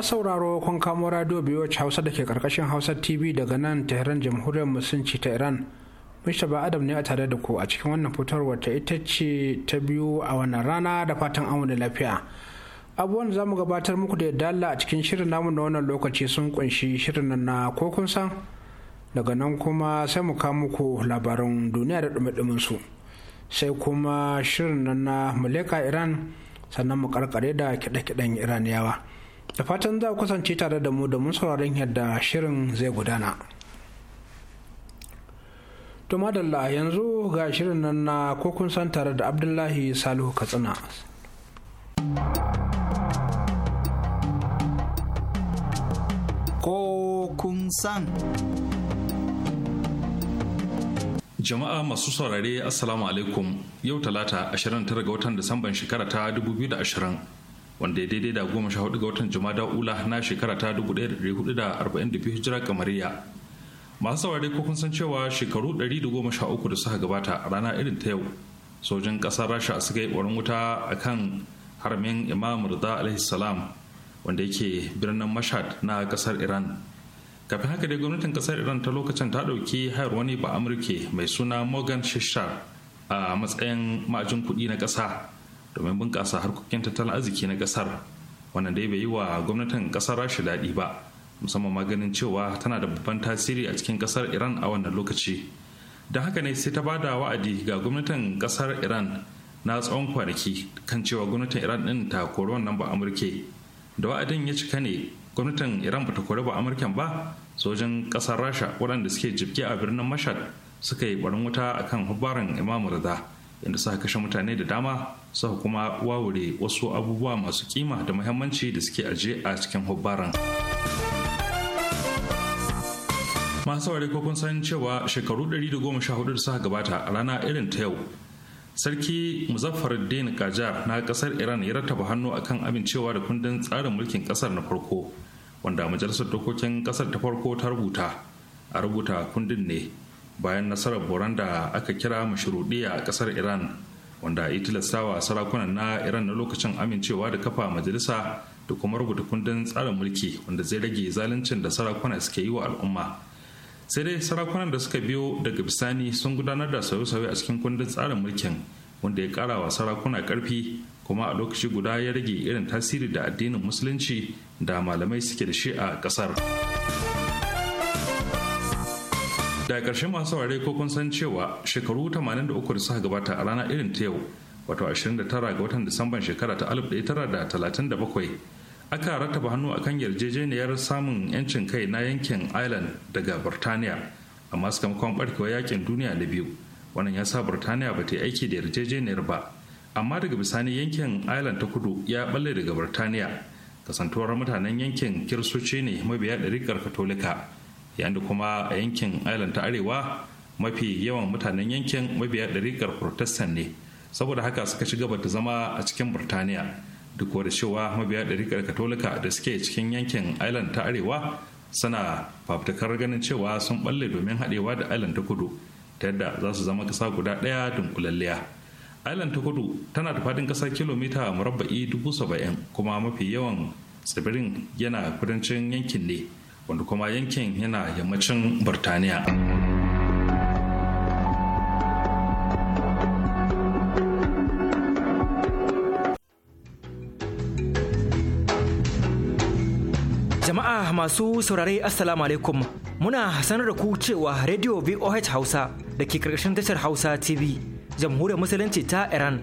masu sauraro kun kamo radio hausa da ke karkashin hausa tv daga nan tehran jamhuriyar musulunci ta iran ba adam ne a tare da ku a cikin wannan fitarwar ta ita ce ta biyu a wannan rana da fatan amu da lafiya abubuwan za mu gabatar muku da yadda a cikin shirin namu na wannan lokaci sun kunshi shirin nan na ko kun san daga nan kuma sai mu kawo muku labaran duniya da dumi su sai kuma shirin nan na iran sannan mu karkare da kiɗe-kiɗen iraniyawa da fatan za ku kasance tare da mu da mun sauraron yadda shirin zai gudana to madalla yanzu ga shirin nan na kun san tare da abdullahi salihu katsina kun san Jama'a masu saurare Assalamu alaikum yau talata 29 ga watan Disamban shekara ta 2020 wanda ya daidai da goma sha hudu ga watan jumada ula na shekara ta dubu ɗaya da hudu da arba'in da biyu hijira kamariya masu saurare ko kun san cewa shekaru ɗari da goma sha uku da suka gabata a rana irin ta yau sojin kasar rasha suka yi ƙwarin wuta a kan haramin imam rida alaihi salam wanda yake birnin mashad na kasar iran kafin haka dai gwamnatin ƙasar iran ta lokacin ta ɗauki hayar wani ba amurke mai suna morgan shishar a matsayin ma'ajin kuɗi na ƙasa domin bunƙasa harkokin tattalin arziki na ƙasar wannan dai bai yi wa gwamnatin ƙasar rasha daɗi ba musamman ma ganin cewa tana da babban tasiri a cikin ƙasar iran a wannan lokaci don haka ne sai ta ba da wa'adi ga gwamnatin ƙasar iran na tsawon kwanaki kan cewa gwamnatin iran ɗin ta kori wannan ba amurke da wa'adin ya cika ne gwamnatin iran ba ta kori ba amurken ba sojin ƙasar rasha waɗanda suke jibge a birnin mashad suka yi barin wuta akan hubbaran imam rida inda suka kashe mutane da dama suka kuma wawure wasu abubuwa masu kima da muhimmanci da suke aje a cikin hubbaran masu saurari ko kun san cewa shekaru 114 da suka gabata a rana irin ta yau sarki muzaffar din kajar na kasar iran ya rattaba hannu akan amincewa da kundin tsarin mulkin kasar na farko wanda majalisar dokokin kasar ta farko ta rubuta a rubuta kundin ne bayan nasarar boran da aka kira mashruɗiya a ƙasar iran wanda ya tilastawa sarakunan na iran na lokacin amincewa da kafa majalisa da kuma rubuta kundin tsarin mulki wanda zai rage zaluncin da sarakuna suke yi wa al'umma sai dai sarakunan da suka biyo daga bisani sun gudanar da sauye-sauye a cikin kundin tsarin mulkin wanda ya kara wa sarakuna karfi kuma a lokaci guda ya rage irin tasiri da addinin musulunci da malamai suke da shi a ƙasar. da ƙarshe masu saurare ko kun san cewa shekaru 83 da suka gabata a rana irin ta yau wato 29 ga watan disamban shekara ta 1937 aka rattaba hannu a kan yarjejeniyar samun 'yancin kai na yankin ireland daga birtaniya amma sakamakon barkewa yakin duniya na biyu wannan ya sa birtaniya ba ta yi aiki da yarjejeniyar ba amma daga bisani yankin ireland ta kudu ya balle daga birtaniya kasantuwar mutanen yankin kirsoci ne mabiya ɗarikar katolika yayin da kuma a yankin Island ta Arewa mafi yawan mutanen yankin mabiya ɗarikar Protestant ne saboda haka suka ci gaba da zama a cikin Burtaniya duk da cewa mabiya ɗarikar Katolika da suke cikin yankin Island ta Arewa suna fafutukar ganin cewa sun balle domin haɗewa da Island ta Kudu ta yadda za su zama kasa guda ɗaya dunkulalliya. Island ta kudu tana da faɗin ƙasar kilomita murabba'i dubu saba'in kuma mafi yawan tsibirin yana kudancin yankin ne wanda kuma yankin yana yammacin burtaniya jama'a masu saurare assalamu alaikum muna sanar da ku cewa radio voh hausa da ke karkashin tashar hausa tv jamhuriyar musulunci ta iran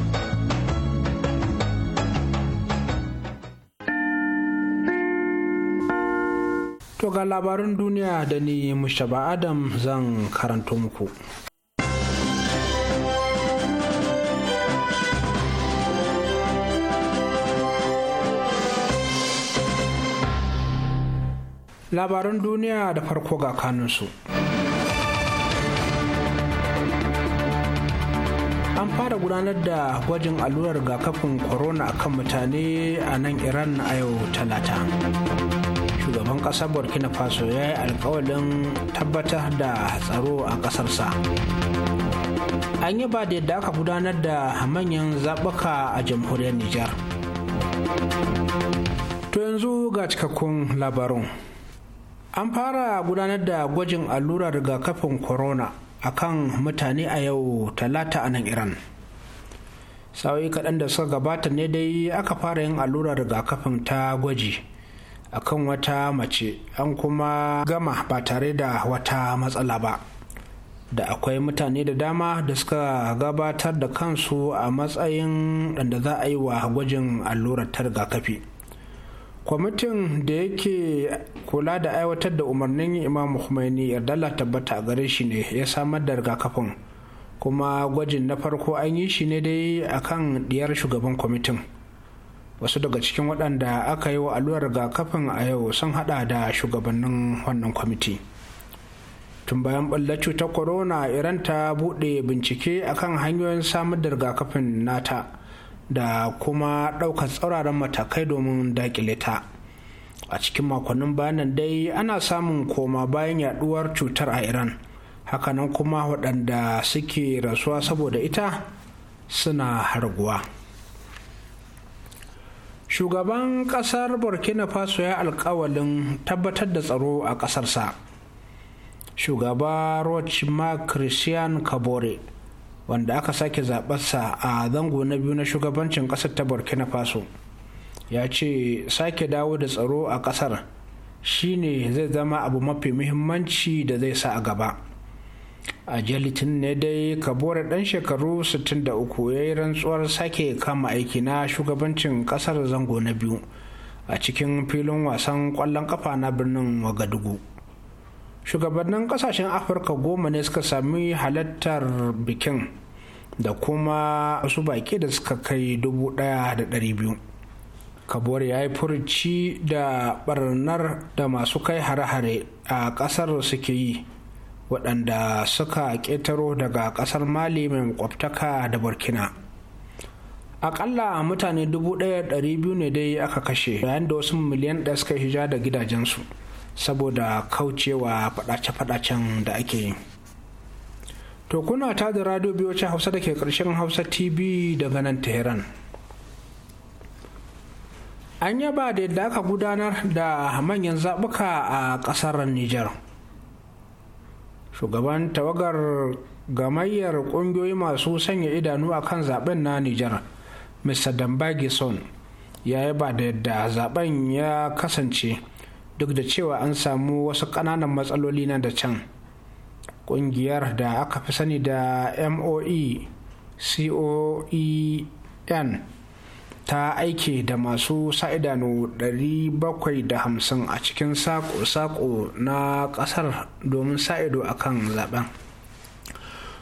To ga labarin duniya da ni Mushaba Adam zan karanto muku. Labaran duniya da farko ga kanunsu. An fara gudanar da gwajin allurar rigakafin corona akan mutane a nan Iran a yau talata. shugaban ƙasar burkina faso ya yi alkawalin tabbatar da tsaro a ƙasarsa an yi ba da yadda aka gudanar da manyan zaɓuka a jamhuriyar nijar to yanzu ga cikakkun labarun an fara gudanar da gwajin allurar rigakafin corona a kan mutane a yau talata a nan iran sa'o'i kaɗan da suka gabata ne dai aka fara yin allurar rigakafin ta gwaji akan wata mace an kuma gama ba tare da wata matsala ba da akwai mutane da dama da suka gabatar da kansu a matsayin ɗanda za a yi wa gwajin allurar ta rigakafi kwamitin da yake kula da aiwatar da umarnin imam Khomeini yardala tabbata a gare shi ne ya samar da rigakafin kuma gwajin na farko an yi shi ne dai akan diyar shugaban kwamitin wasu daga cikin waɗanda aka yi wa allurar rigakafin a yau sun hada da shugabannin wannan kwamiti tun bayan ɓallar cutar corona iran ta buɗe bincike akan hanyoyin samar da rigakafin nata da kuma ɗaukar tsauraran matakai domin daƙile ta a cikin makonnin bayanan dai ana samun koma bayan yaduwar cutar a iran hakanan kuma waɗanda suke rasuwa saboda ita suna harguwa. shugaban kasar burkina faso ya alkawalin tabbatar da tsaro a kasarsa shugaba roch ma christian kabore wanda aka sake zabarsa a zango na biyu na shugabancin kasar ta burkina faso ya ce sake dawo da tsaro a ƙasar shine zai zama abu mafi muhimmanci da zai sa a gaba a jalitin ne dai kabore dan shekaru 63 ya yi rantsuwar sake kama aiki na shugabancin kasar zango na biyu a cikin filin wasan kwallon kafa na birnin wagadugu shugabannin kasashen afirka goma ne suka sami halittar bikin da kuma su baki da suka kai dubu biyu. kabore ya yi furci da barnar da masu kai hare-hare a kasar suke yi waɗanda suka ƙetaro daga ƙasar mali mai makwabtaka da burkina aƙalla mutane 1,200 ne dai aka kashe yayin da wasu miliyan ɗaya suka hija da gidajensu saboda kaucewa faɗace-faɗacen da ake yi to kuna ta da radio biyoci hausa da ke ƙarshen hausa tv daga nan teheran an yaba da yadda aka gudanar da manyan zaɓuka a ƙasar nijar shugaban tawagar gamayyar kungiyoyi masu sanya idanu a kan zaben na nijar mr dambagison ya yaba da yadda zaben ya kasance duk da cewa an samu wasu ƙananan matsaloli na da can kungiyar da aka fi sani da moe coen ta aike da masu sa'idanu 750 a cikin sako-sako na kasar domin sa'ido a kan zaben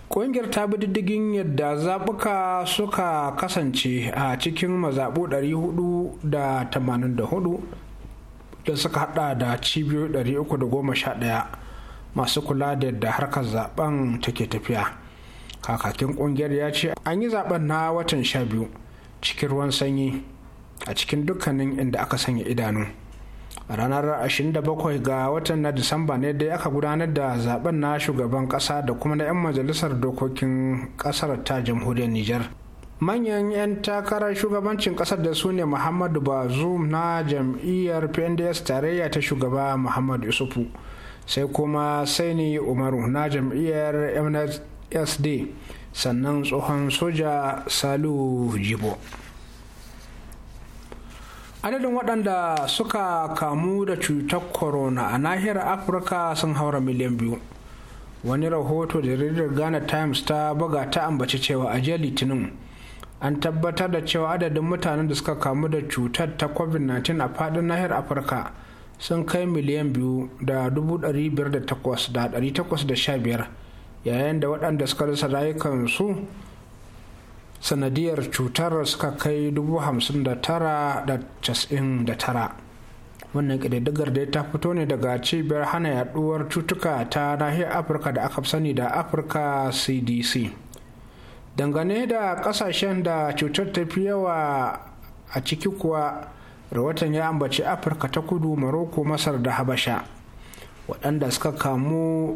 ƙungiyar ta bi diddigin yadda zaɓuka suka kasance a cikin mazaɓu 484 da suka hada da cibiyoyi 311 masu kula da yadda harkar zaben take tafiya kakakin ƙungiyar ya ce an yi zaben na watan biyu. cikin ruwan sanyi a cikin dukkanin inda aka sanya idanu a ranar 27 ga watan na disamba ne dai aka gudanar da zaben na shugaban kasa da kuma na 'yan majalisar dokokin kasar ta jamhuriyar niger manyan 'yan takarar shugabancin kasar da su ne muhammadu bazoum na jam'iyyar pnds tarayya ta shugaba muhammadu yusufu sai kuma saini umaru na jam'iyyar msd sannan tsohon soja salu jibo adadin waɗanda suka kamu da cutar corona a nahiyar afirka sun haura miliyan biyu wani rahoto da jaridar ghana times ta buga ta ambaci cewa a jiya litinin an tabbatar da cewa adadin mutanen da suka kamu da cutar ta covid-19 a fadin nahiyar afirka sun kai miliyan biyu da dubu yayin da waɗanda suka rasa rayukansu sanadiyar cutar suka kai 59,099 wannan ƙididdigar dai ta fito ne daga cibiyar hana yaɗuwar cutuka ta nahiyar afirka da aka sani da afirka cdc dangane da ƙasashen da cutar ta fi yawa a ciki kuwa rahoton ya ambaci afirka ta kudu maroko masar da habasha waɗanda suka kamu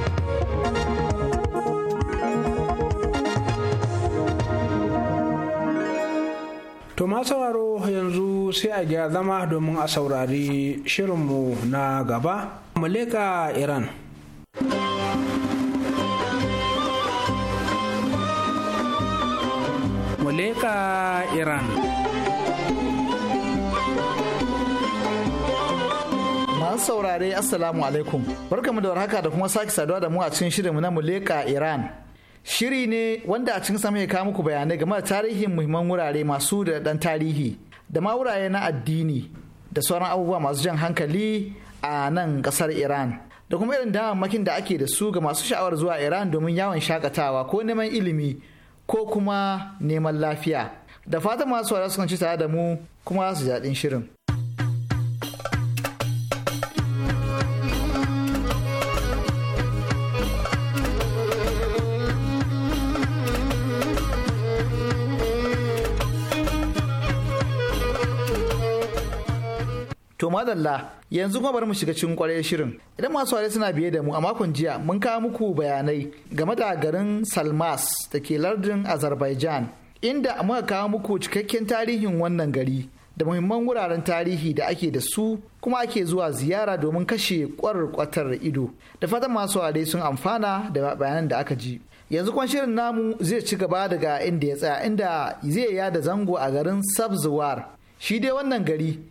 To ma sauraro yanzu sai a gya zama domin a saurari shirinmu na gaba. Maleka Iran. Maleka Iran. saurare Assalamu alaikum. Barkamu da warhaka da kuma sake saduwa da mu a cikin shirinmu na Muleka Iran. Shiri ne wanda a cikin sama ya kawo muku bayanai game da tarihin muhimman wurare masu da dan tarihi da ma wurare na addini da sauran abubuwa masu jan hankali a nan kasar Iran. Da kuma irin damammakin da ake da su ga masu sha'awar zuwa Iran domin yawon shakatawa ko neman ilimi ko kuma neman lafiya. Da fatan masu wara sukan ci tare da mu kuma su jaɗin shirin. To madalla yanzu kuma bari mu shiga cikin kwarai shirin. Idan masu ware suna biye da mu a makon jiya mun kawo muku bayanai game da garin Salmas da ke lardin Azerbaijan inda muka kawo muku cikakken tarihin wannan gari da muhimman wuraren tarihi da ake da su kuma ake zuwa ziyara domin kashe kwarar ido. Da fatan masu ware sun amfana da bayanan da aka ji. yanzu kwan shirin namu zai ci gaba daga inda ya tsaya inda zai yada zango a garin sabzuwar shi dai wannan gari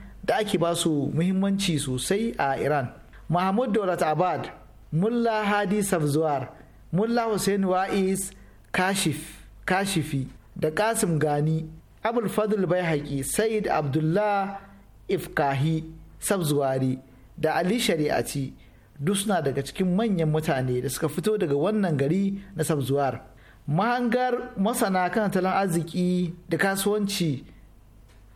da ake ba su muhimmanci sosai a iran mahmud daulat abad mulla hadi safzuwar mulla hussein wa'is kashif kashifi da kasim gani abul fadl bai haƙi said abdullah ifkahi safzuwari da ali shari'aci duk suna daga cikin manyan mutane da suka fito daga wannan gari na safzuwar mahangar masana kan talon arziki da kasuwanci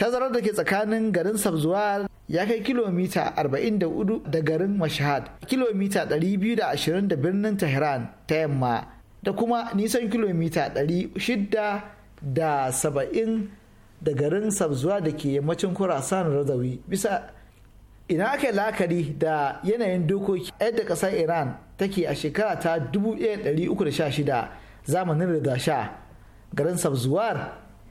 tazarar da ke tsakanin garin sabzuwar ya kai kilomita 44 da garin mashahad kilomita 220 da birnin tehran ta yamma da kuma nisan kilomita 670 da garin sabzuwa da ke yammacin kurasan radawi bisa ina aka la'akari da yanayin dokoki yadda ƙasar iran take a shekara ta 1316 zamanin rida sha garin sabzuwar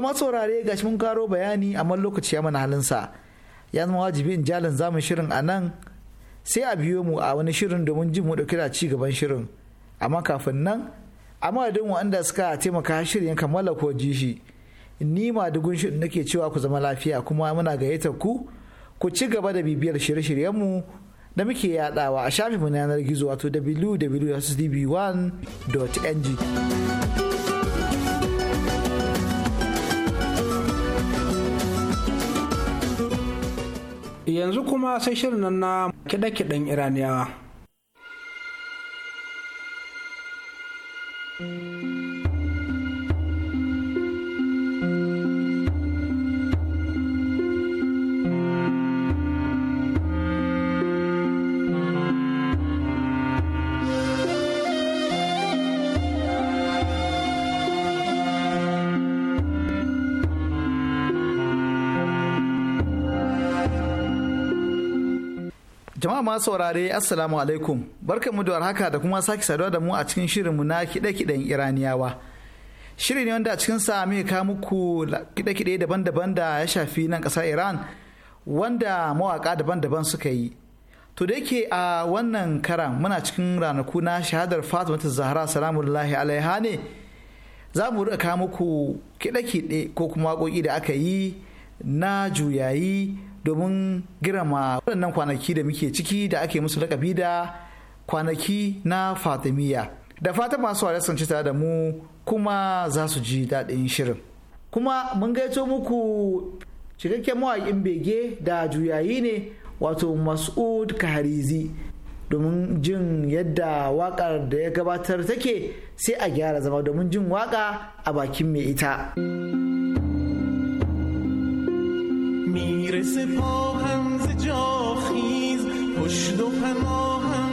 zama saurare gashi mun karo bayani amma lokaci ya mana halinsa. Ya zama wajibi in jalin zamu shirin a nan sai a biyo mu a wani shirin domin jin mu dauki da ci gaban shirin. Amma kafin nan a madadin wanda suka taimaka shirin kammala ko ji shi. Ni ma dugun shirin nake cewa ku zama lafiya kuma muna gayyatar ku ku ci gaba da bibiyar shirye shiryen mu da muke yadawa a shafinmu na yanar gizo wato wwwsdb 1ng yanzu kuma sai shirin nan na kiɗe-kiɗen iraniyawa saurare assalamu alaikum barkanmu da warhaka da kuma sake saduwa da mu a cikin shirinmu na kiɗe-kiɗen iraniyawa shiri ne wanda a cikin sa muke kawo muku kiɗe-kiɗe daban-daban da ya shafi nan ƙasar iran wanda mawaka daban-daban suka yi to da yake a wannan karan muna cikin ranaku na shahadar fatimata zahra salamullahi alaiha ne za mu rika kawo muku kiɗe-kiɗe ko kuma waƙoƙi da aka yi na juyayi domin girma waɗannan kwanaki da muke ciki da ake musu lakabi da kwanaki na fatimiyya da fata masu wa sun tare da mu kuma za su ji daɗin shirin kuma mun gaito muku cikakken mawaƙin bege da juyayi ne wato mas'ud kaharizi domin jin yadda waƙar da ya gabatar take sai a gyara zama domin jin waƙa a bakin mai ita. میرسه پاهم ز خیز پشت و پناهم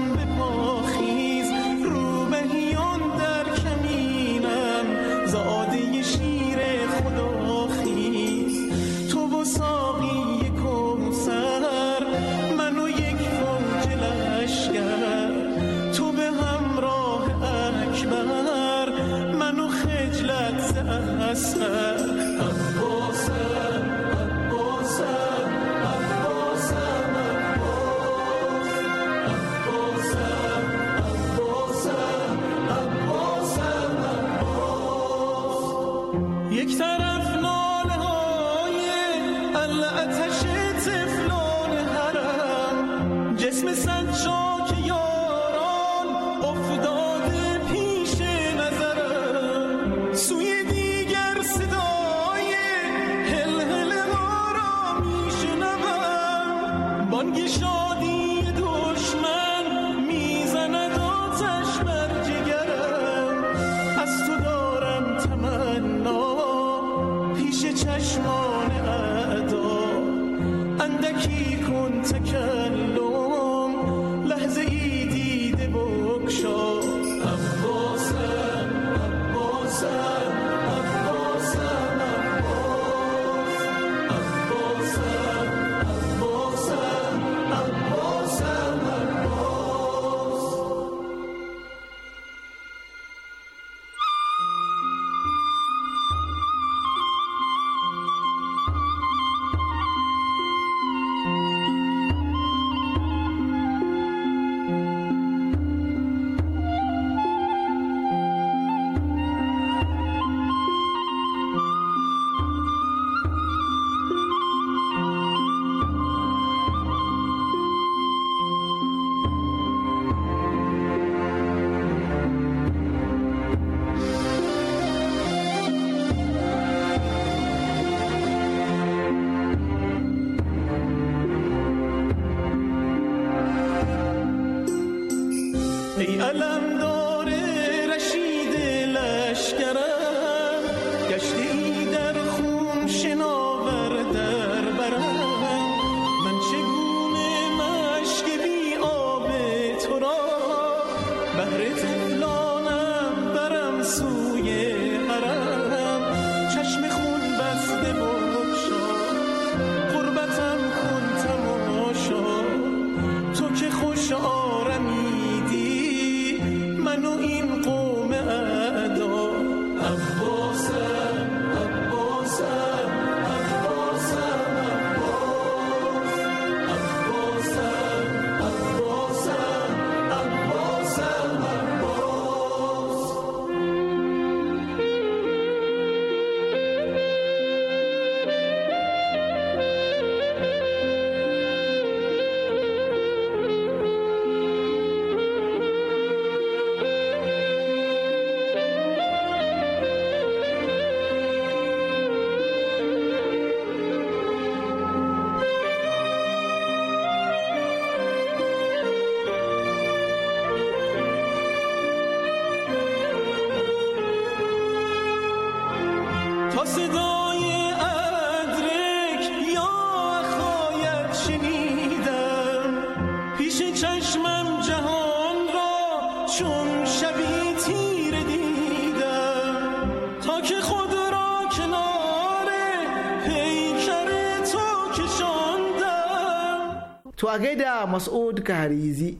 to a gaida mas'ud kaharizi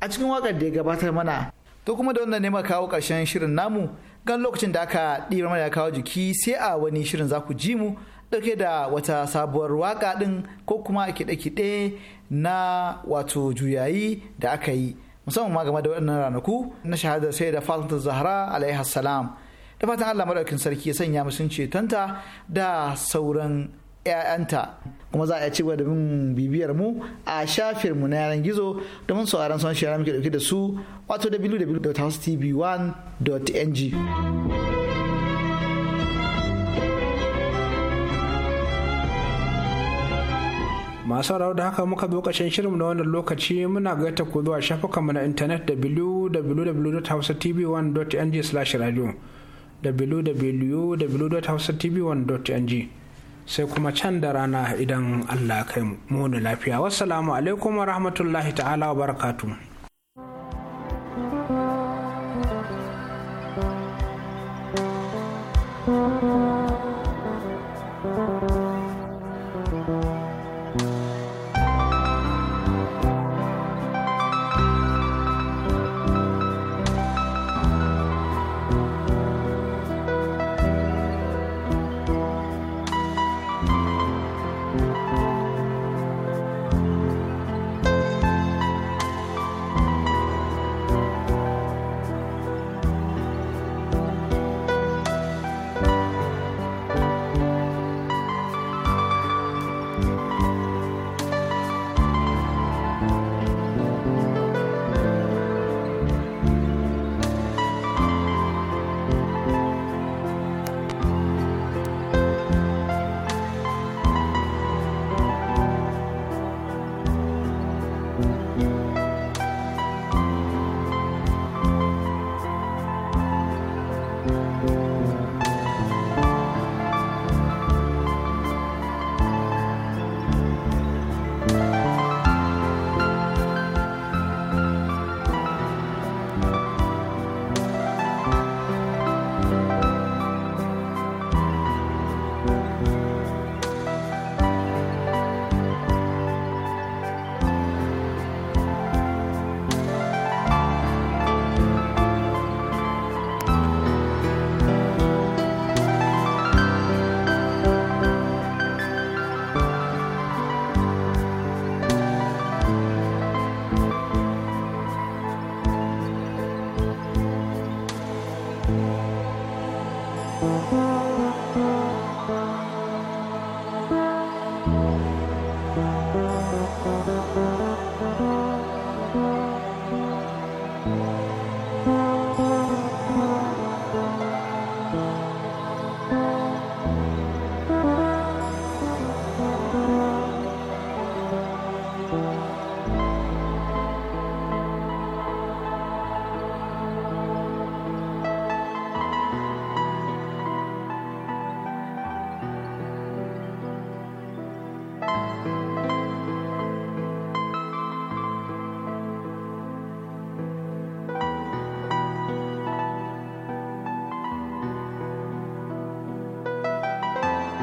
a cikin wakar da ya gabatar mana to kuma da wannan ne kawo karshen shirin namu gan lokacin da aka ɗiba mana ya kawo jiki sai a wani shirin za ku ji mu ɗauke da wata sabuwar waka ɗin ko kuma kiɗe-kiɗe na wato juyayi da aka yi musamman ma game da waɗannan ranaku na shahadar sai da fatan zahra alaihi salam da fatan allah maɗaukin sarki ya sanya musun cetonta da sauran 'ya'yanta kuma za a ci gaba da bin bibiyar mu a shafin mu na yaran gizo domin sauraron son shirya muke dauke da su wato www.housetv1.ng masu rawa da haka muka bi lokacin shirin na wannan lokaci muna gaita ku zuwa shafukanmu na intanet www.hausatv1.ng/radio www.hausatv1.ng sai kuma can da rana idan allah kai mu mu lafiya wassalamu alaikum wa rahmatullahi ta'ala wa barakatuh